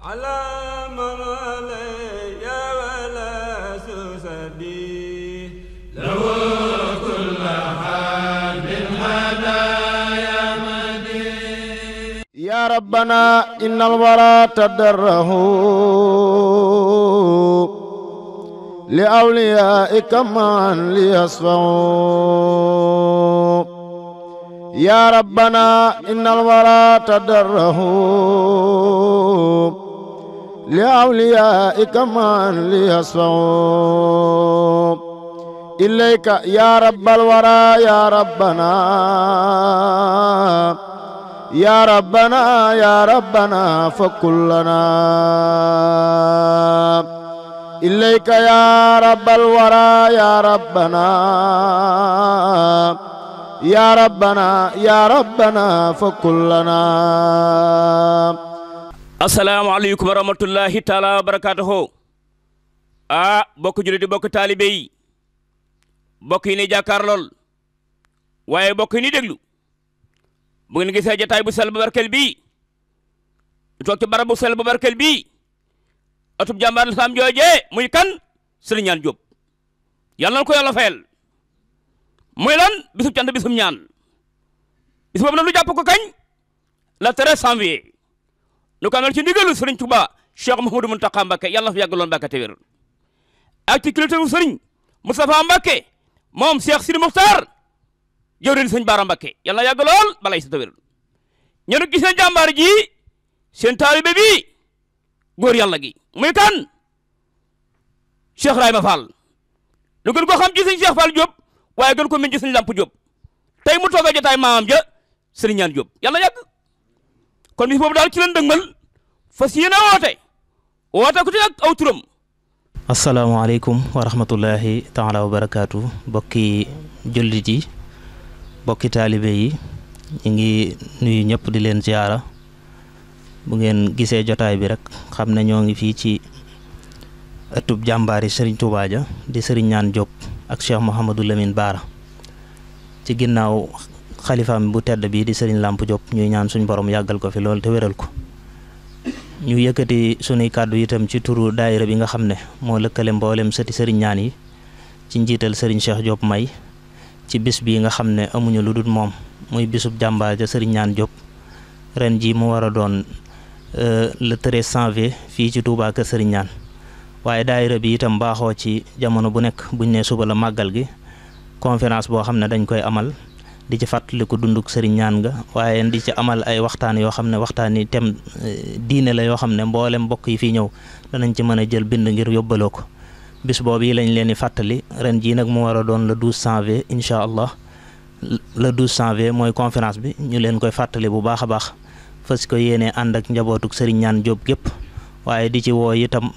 يا ربنا إن الورى تدره لأوليائك معا ليصفعوا يا ربنا إن الورى تدره لأوليائك من ليصفعوا إليك يا رب الورى يا ربنا يا ربنا يا ربنا فكلنا إليك يا رب الورى يا ربنا يا ربنا يا ربنا فكلنا asalaamaaleykum wa rahmatullahi taala wa barakaatuhu ah bokk jullit di bokk taalibe yi bokk yi lool waaye bokk yi ni déglu bu ngeen gisee jataay bu sel bu barkel bii ñu toog ci barab bu sel bu barkel bii atub jàmbaar muy kan sëriñ ñaan Jóob yàlla na ko yàlla fayal muy lan bisub cant bisub ñaan bis boobu nag lu jàpp ko kañ la treize janvier lu ko amal ci ndigalu sëriñ Tuuba Cheikh Mouhamadou Mountakha Mbacké yàlla na fa yàggaloon Mbacké te wér ak ci kilifteefu sëriñ Moustapha Mbacké moom Cheikh Sidi Mokhtar jëwriñ sëñ Baara Mbacké yàlla na yàgg lool balay si te wér ñu ne ji seen taalibe bi góor yàlla gi muy kan Cheikh Rahima Fall lu gën ko xam ci sëñ Cheikh Fall Diop waaye ko min ci sëñ Lamp tey mu toog a jotaay maamam ja sëriñ ñaan Diop kon bis boobu daal ci leen dëgmal fas yéene woote woote ku ci ak aw turam asalaamaaleykum wa rahmatullahi taala wa barakaatu bokki jullit yi bokki taalibe yi ñu ngi nuyu ñëpp di leen ziyaara bu ngeen gisee jotaay bi rek xam na ñoo ngi fii ci ëttub jàmbaari sëriñ Tuubaa di sëriñ ñaan Diop ak Cheikh Mouhamadou Lamine Baara ci ginnaaw xalifaam bu tedd bii di sëriñ làmp Diop ñuy ñaan suñ borom yàggal ko fi loolu te wéral ko ñu yëkkati sunuy kàddu itam ci turu daayira bi nga xam ne moo lëkkale mboolem sëti sëriñ ñaan yi ci njiital sëriñ Cheikh Diop may ci bis bii nga xam ne amuñu lu dul moom muy bisub jàmbaar ja sëriñ ñaan Diop ren ji mu war a doon euh, la 13 janvier fii ci Touba kër sëriñ ñaan waaye daayira bi itam baaxoo ci jamono bu nekk buñ ne suba la màggal gi conférence boo xam ne dañ di ci fàttaliku dunduk sëriñ ñaan nga waaye di ci amal ay waxtaan yoo xam ne waxtaan yi tem eh, diine la yoo xam ne mboolem mbokk yi fi ñëw danañ ci mën a jël bind ngir yóbbaloo ko bis boobu yi lañ leen di fàttali ren jii nag mu war a doon le 12 janvier incha allah le 12 janvier mooy conférence bi ñu leen koy fàttali bu baax a baax fas ko yéenee ànd ak njabootuk sëriñ ñaan Jóob gépp waaye di ci woo itam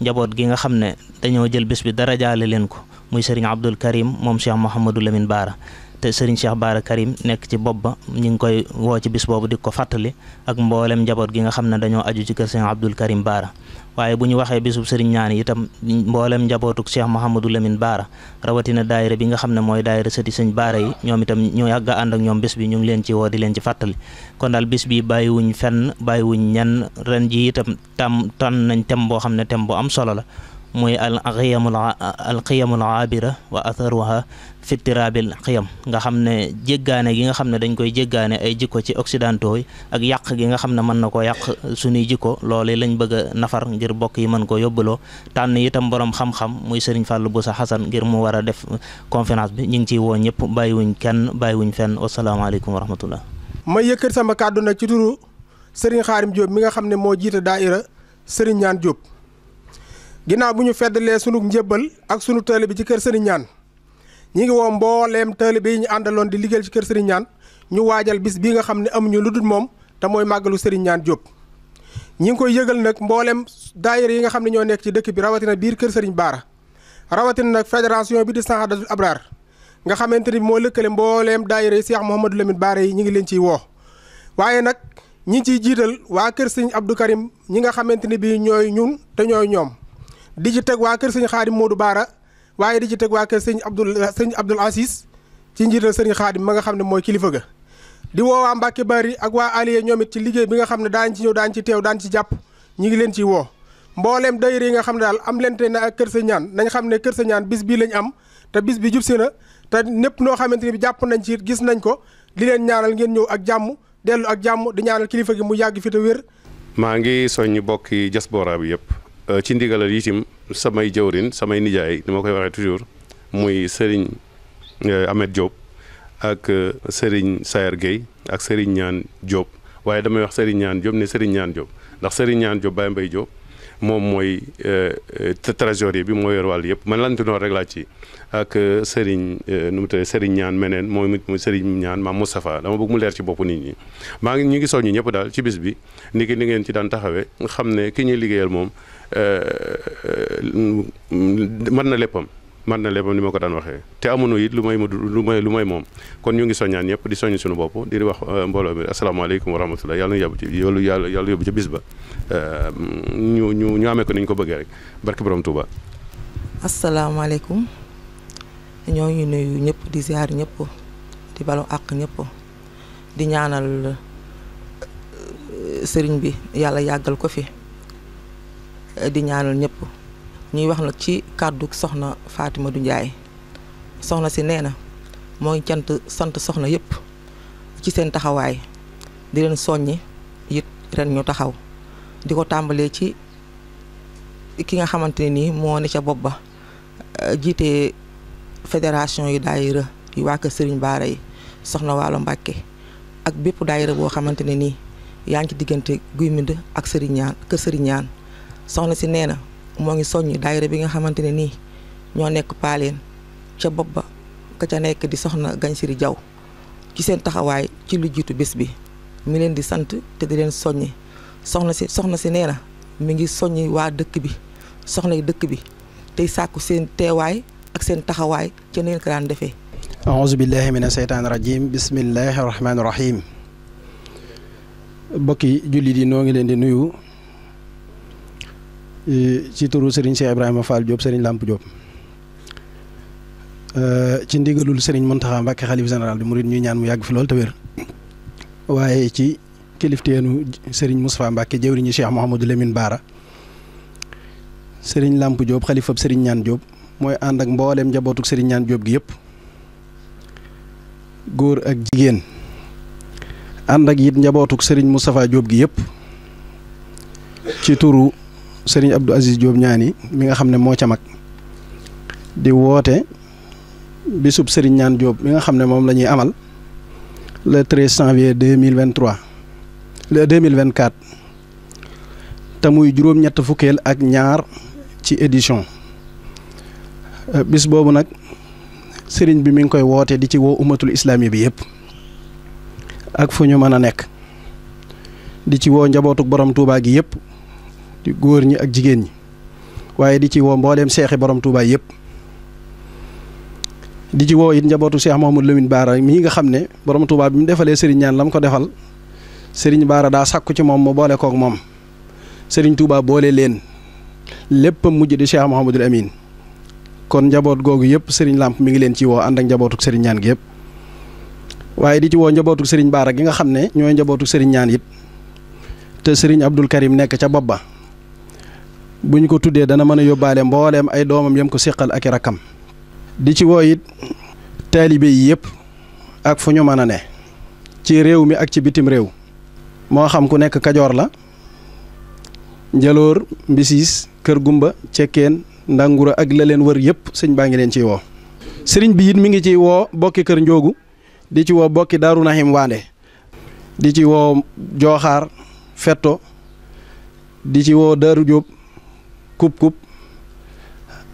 njaboot gi nga xam ne dañoo jël bis bi dara jaale leen ko muy sëriñ Abdul Karim moom Cheikh Mouhamadou Lamine Baara te sëriñ Cheikh Baara Karim nekk ci bopp ba ñu ngi koy woo ci bis boobu di ko fàttali ak mboolem njaboot gi nga xam ne dañoo aju ci kër sëriñ Abdul Karim Baara waaye bu ñu waxee bisub sëriñ ñaani itam mboolem njabootuk Cheikh Mouhamadou Lamine Baara rawatina daayira bi nga xam ne mooy daayira sëti sëñ Baara yi ñoom itam ñu yàgg a ñoom bis bi ñu ngi leen ci woo di leen ci fàttali kon daal bis bi bàyyiwuñ fenn bàyyiwuñ ñenn ren ji itam tam tànn nañ tem boo xam ne tem bu am solo la mooy al qiyamul al qiyamul aabira wa atharuha fi tirabil nga xam ne jéggaane gi nga xam ne dañ koy jéggaane ay jikko ci occidentaux yi ak yàq gi nga xam ne mën na koo yàq suñuy jikko loolu lañ bëgg nafar ngir bokk yi mën ko yóbbuloo tànn itam borom xam-xam muy Serigne Fallou Boussa Hassan ngir mu war a def conférence bi ñu ngi ciy woo ñëpp bàyyiwuñ kenn wuñ fenn wasalaamaaleykum wa rahmatullah ma yëkkat sama kàddu ci turu Serigne Xaarim Diop mi nga xam ne moo jiite daaira Serigne Ñaan Diop ginnaaw bu ñu feddalee sunu njëbbal ak sunu taalibe bi ci kër sëriñ ñaan ñi ngi woo mbooleem taalibe yi ñu àndaloon di liggéeyal ci kër sëriñ ñaan ñu waajal bis bi nga xam ne amuñu lu dul moom te mooy màggalu sëriñ ñaan Diop. ñi ngi koy yëgal nag mbooleem daayira yi nga xam ne ñoo nekk ci dëkk bi rawatina biir kër sëriñ Baara rawatina nag fédération bi di Sahadatul Abrar nga xamante ni moo lëkkale mbooleem daayira yi Cheikh Mouhamadou Lamine Baara yi ñi ngi leen ciy woo waaye nag ñi ciy jiital waa kër sëriñ Abdou Karim ñi nga xamante ni bii ñooy ñun te ñoom di ci teg waa kër sëñ xaadim du Baara waaye di ci teg waa kër sëñ Abdul sëñ Abdul Asis ci njiital sëriñ xaadim ma nga xam ne mooy kilifa ga di woo waa Mbàkke Bari ak waa Aliye ñoom it ci liggéey bi nga xam ne daañ ci ñëw daañ ci teew daañ ci jàpp ñu ngi leen ci woo mbooleem dayre yi nga xam ne daal am lente naa ak kër sa ñaan nañ xam ne kër sa ñaan bis bii lañ am te bis bi jub si na te népp noo xamante ni bi jàpp nañ ci gis nañ ko di leen ñaanal ngeen ñëw ak jàmm dellu ak jàmm di ñaanal kilifa gi mu yàgg fi te wér maa ngi soññ bokki diaspora bi yëpp Euh, ci ndigalal itim samay jëwrin samay nijaay ni ma koy waxee toujours muy Serigne euh, Ahmed Diop ak euh, Serigne Sayer Gueye ak Serigne Ñaan Diop waaye damay wax Serigne Ñaan Diop ne Serigne Ñaan Diop ndax Serigne Ñaan Diop Baye Mbaye Diop moom mooy te euh, euh, trésorier bi moo yor wàll yëpp man lantinoor rek laa ci ak euh, Serigne nu mu te Serigne ñaan meneen moom it mu Serigne ñaan maam Moustapha dama bëgg mu leer ci bopp nit ñi maa ngi ñu ngi sox soññu ñëpp daal ci bis bi ni ki ni ngeen ci daan taxawe taxawee xam ne ki ñuy liggéeyal moom mën na léppam man na lebam ni ma ko daan waxee te amuñu it lu may lu may lu may moom kon ñu ngi soññaan ñëpp di soññ suñu bopp di wax euh, mbooloo bi asalaamaaleykum wa rahmatullah yàlla na yóbbu ci yàlla yàlla yóbbu ci bis ba euh, ñu ñu ñu amee ko ñu ko bëggee rek barki borom Touba. asalaamaaleykum ñoo ngi nuyu ñëpp di ziar ñëpp di balu àq ñëpp di ñaanal euh, sëriñ bi yàlla yàggal ko fi di ñaanal ñëpp. ñuy wax nag ci kàddu soxna Fatima du njaay soxna si nee na moo cant sant soxna yëpp ci seen taxawaay di leen soññi it ren ñu taxaw di ko tàmbalee ci ki nga xamante ne nii moo ne ca bopp ba eh, jiite fédération yu daayira yu waa kër Serigne Baara yi soxna Waalo Mbàkke ak bépp daayira boo xamante ne nii yaa ngi ci diggante guy mind ak Serigne Ñaan soxna si nee na moo ngi soññ daayira bi nga xamante ne nii ñoo nekk paaleen ca bopp ba ka ca nekk di soxna Gagne Siry Diaw ci seen taxawaay ci lu jiitu bés bi mi leen di sant te di leen soññi soxna si soxna si nee na ngi soññi waa dëkk bi soxna yi dëkk bi tey sàkku seen teewaay ak seen taxawaay ca neen ko daan defee aouzu billahi mina seytaani rajim bismillahi rahmaani rahim mbokki jullit yi noo ngi leen di nuyu ci turu Serigne Cheikh Ibrahima Fall Diop Serigne Lamp Diop euh, ci ndigalul Serigne Mountakha Mbacké xalif général di murid ñuy ñaan mu yàgg fi lool te wér waaye ci kilifteenu Serigne Moustapha Mbacké jëwriñu Cheikh Mouhamadou Lamine Bara Serigne Lamp Diop xalifab Serigne Ñaan jóob mooy ànd ak mbooleem njabootuk Serigne Ñaan Diop gi yëpp góor ak jigéen ànd ak it njabootuk Serigne mustafa jóob gi yëpp ci turu. sëriñ Abdou Aziz Diop ñaani mi nga xam ne moo ca mag di woote bisub sëriñ ñaan Diop mi nga xam ne moom la ñuy amal le cent janvier deux mille vingt trois le deux mille vingt quatre te muy juróom-ñett fukkeel ak ñaar ci édition euh, bis boobu nag sëriñ bi mu ngi koy woote di ci woo umatul islami bi yëpp ak fu ñu mën a nekk di ci woo njabootuk boroom Touba gi yëpp. di góor ñi ak jigéen ñi waaye di ci woo mbooleem seexi borom Touba yëpp di ci woo it njabootu Cheikh Mouhamadou Lamine Baara mii nga xam ne borom Touba bi mu defalee Serigne ñaan la mu ko defal Serigne Baara daa sàkku ci moom mu boole kook moom Serigne Touba boole leen lépp mujj di Cheikh Mouhamadou Amine kon njaboot googu yëpp Serigne làmp mi ngi leen ci woo ànd ak njabootuk Serigne ñaan gi waaye di ci woo njabootuk Serigne Baara gi nga xam ne ñooy njabootuk Serigne ñaan te Serigne Abdul Karim nekk ca bopp ba bu ñu ko tuddee dana mën a yóbbaale mbooleem ay doomam yam ko séqal ak i rakkam di ci woo it taalibe yi yépp ak fu ñu mën a ne ci réew mi ak ci bitim réew moo xam ku nekk kajoor la njaloor mbisiis kër gumba cekkeen ndangura ak la leen wër yëpp sëñ baa ngi leen ciy woo sëriñ bi it mi ngi ciy woo bokki kër njoogu di ci woo bokki daaru nahim waande di ci woo jooxaar fetto di ci woo daaru jóob kub-kub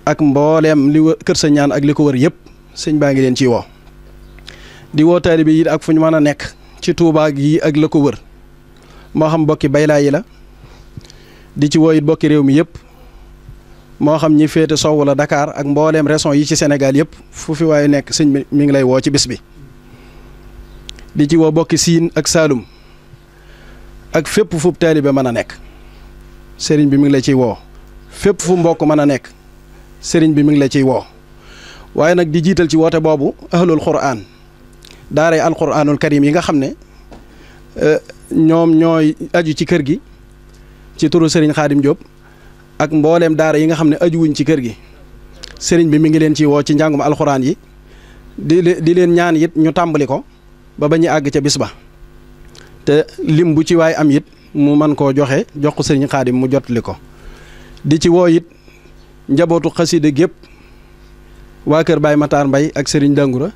ak mbooleem li kër sa ñaan ak li ko wër yépp sëñ baa ngi leen ciy woo di woo taalibe yi ak fu ñu mën a nekk ci Tuubaa yi ak la ko wër moo xam bokki baylaa la di ci woo it réew mi yëpp moo xam ñi féete sowwu la Dakar ak mbooleem reson yi ci senegal yëpp fu fi waaye nekk sëñ bi mi ngi lay woo ci bis bi di ci woo bokki siin ak Saalum ak fépp fu taalibe mën a nekk sëriñ bi mi ngi la ciy woo fépp fu mbokk mën a nekk sëriñ bi mu ngi la ciy woo waaye nag di jiital ci woote boobu ahlul quraan daaray alquraanul karim yi nga xam ne e, ñoom ñooy aju ci kër gi ci sëriñ xaadim Diop ak mbooleem daara yi nga xam ne aju ci kër gi sëriñ bi mu ngi leen ciy woo ci njàngum alxuraan yi di di leen ñaan it ñu tàmbali ko ba ba ñu àgg ca bis ba te lim bu ci waay am it mu mën koo joxe jox ko sëriñ xaadim mu jotali ko. di ci woo it njabootu xasida gépp waa kër baay Matar Mbay ak Serigne Dangura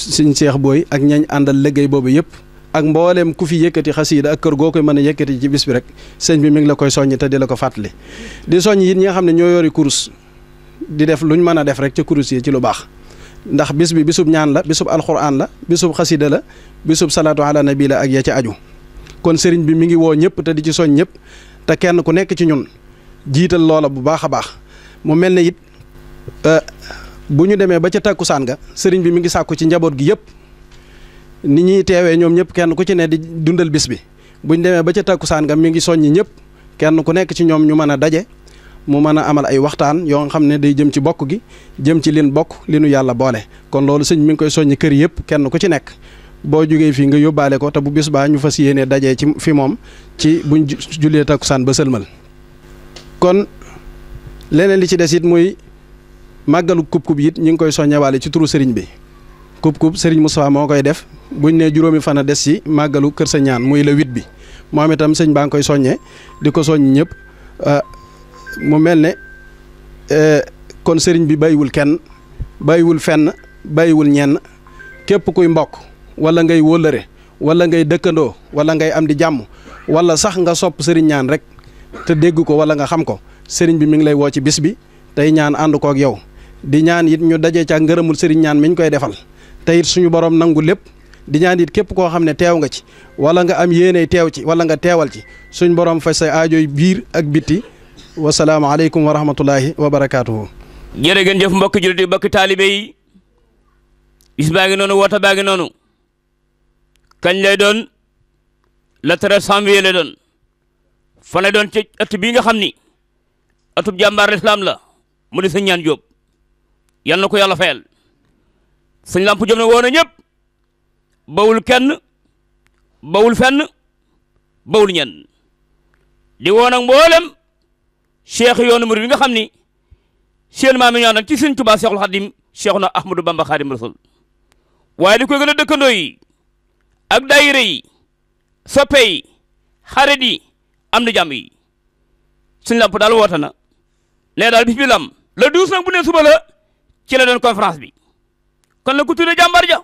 Serigne Cheikh booy ak ñañ àndal léggéey boobu yëpp ak mbooleem ku fi yëkkati xasida ak kër goo koy mën a yëkkati ci bis bi rek sëñ bi mu ngi la koy soññ te di la ko fàttali di soññ it ñi nga xam ne ñoo yori kurus di def lu luñ mën a def rek ca kurus yi ci lu baax ndax bis bi bisub ñaan la bisub alxuraan la bisub xasida la bisub salaatu ala nabi la ak ya ci aju kon sëriñ bi mi ngi woo ñëpp te di ci ñëpp te kenn ku nekk ci ñun jiital loola bu baax a baax mu mel ne it euh, bu ñu demee ba ca tàkkusaan ga sëriñ bi mu ngi sàkku ci njaboot gi yëpp ni ñuy teewee ñoom ñëpp kenn ku ci ne di dundal bis bi bu demee ba ca tàkkusaan ga mi ngi soññi ñëpp kenn ku nekk ci ñoom ñu mën a daje mu mën a amal ay waxtaan yoo nga xam ne day jëm ci bokk gi jëm ci lin bokk li nu yàlla boole kon loolu sëñ mu ngi koy soññ kër yëpp kenn ku ci nekk boo jógee fii nga yóbbaale ko te bu bis baa ñu fas yéenee dajee ci fi moom ci buñ jullee takkusaan ba sëlmal kon leneen li ci des it muy màggalu kub-kub it ñu ngi koy soññewaale ci turu sëriñ bi kub-kub sëriñ Moustapha moo koy def buñ ne juróomi fan a des ci màggalu kër sa ñaan muy la huit bi moom itam sëñ baa ngi koy soññee di ko soññ ñëpp ah, mu mel ne eh, kon sëriñ bi bàyyiwul kenn bàyyiwul fenn bàyyiwul ñenn képp kuy mbokk wala ngay wóllëre wala ngay dëkkandoo wala ngay am di jàmm wala sax nga sopp sëriñ ñaan rek te dégg ko wala nga xam ko sëriñ bi mi ngi lay woo ci bis bi tey ñaan ànd kook yow di ñaan yit ñu dajee ca ngërëmul sëriñ ñaan mi ñu koy defal te suñu borom nangu lépp di ñaan yit képp koo xam ne teew nga ci wala nga am yéeney teew ci wala nga teewal ci suñu borom faj say aajoy biir ak bitti wasalaamaaleykum wa rahmatullahi wa barakaatuhu. jërë ngeen jëf mbokk jullit yi mbokk taalibe yi bis baa ngi noonu woote baa ngi noonu kañ lay doon le 13 fa lay doon ci a bii nga xam ni ëttub jàmbaar lislaam la mu di sëñ ñaan yal na ko yàlla fayal sëñ làmp jóob na woo na ñëpp bawul kenn bawul fenn bawul ñenn di woo nag mboolem cheikh yoonu murid bi nga xam ni seen maam yi ñoo nag ci sëñ Tuubaa Cheikhul Xadim Cheikhuna Ahmadou Bamba Xaadimu Rasuul waaye di koy gën a dëkkandoo ak daayira yi soppe yi am na jàmm yi suñ lamp daal woote na nee daal bis lam le douze nag bu ne suba ci la doon conférence bi kan nag ku tuddee jàmbaar ja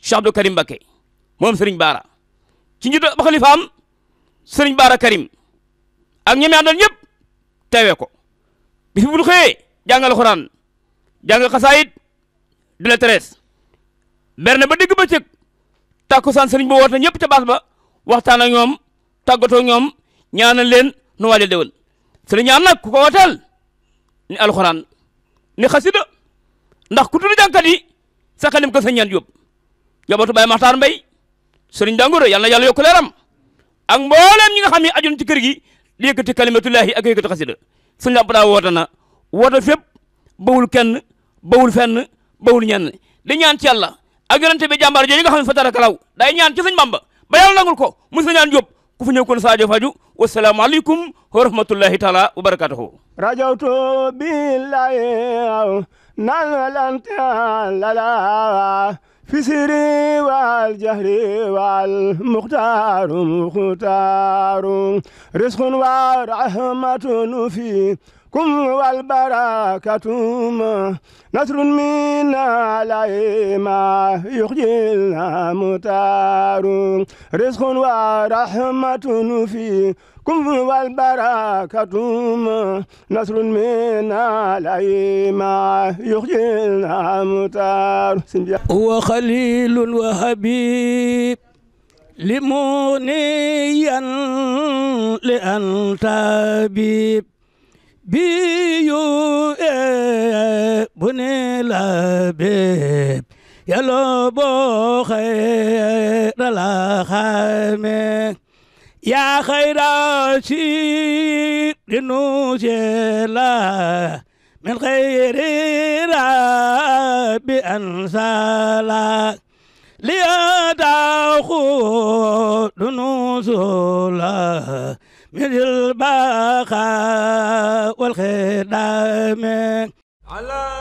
Cheikh Karim Mbacké moom Serigne Bara ci njiitu ab xalifaam Serigne Bara Karim ak ñi àndal ñëpp teewee ko bis bu ñu xëyee jàngal xuraan jàngal xasaayit di la terees berne ba digg ba cëg tàkkusaan Serigne ba woote ñëpp ca baas ba waxtaan ak ñoom. tàggatoo ñoom ñaanal leen nu waajal déwal sëriñ am ku ko wateel ni alxuraan ni xasida ndax ku tudd jànkat yi sa xelim ko ñaan yóbbu njabootu Baye Makhtar Mbaye sëriñ Dangoro yàlla na yàlla yokk leeram ak mbooleem ñi nga xam ne aju ci kër gi di yëkkati kalimatullahi ak yëkkati xasida suñu làmp daa woote na woote fépp bawul kenn bawul fenn bawul ñenn di ñaan ci yàlla ak yonente bi jàmbaar jooju nga xam ne fa tara kalaw day ñaan ci suñ Bamba ba yàlla ko mu sa ñaan ku fi ñëw kon saajo faju wasalaamu aleykum wa rahmatullahi taala wa barakatuhu rajawtu billahi nalante lala fi sirri wal jahri wal muxtaaru muxtaaru risqun wa rahmatun fi kum wal barakatum nasrun minna layma yuxjilna mutaaru rizqun wa rahmatun fi kum wal barakatum nasrun minna layma yuxjilna mutaaru wa xalilun wa habib limoniyan li an tabib biyu e, bu ne la beeb yàlla boo xëyee da la xamee yaa xëy daa si di nu la min xëyri rabbi ansala liya daa xu du nu la من الباقى والخدام على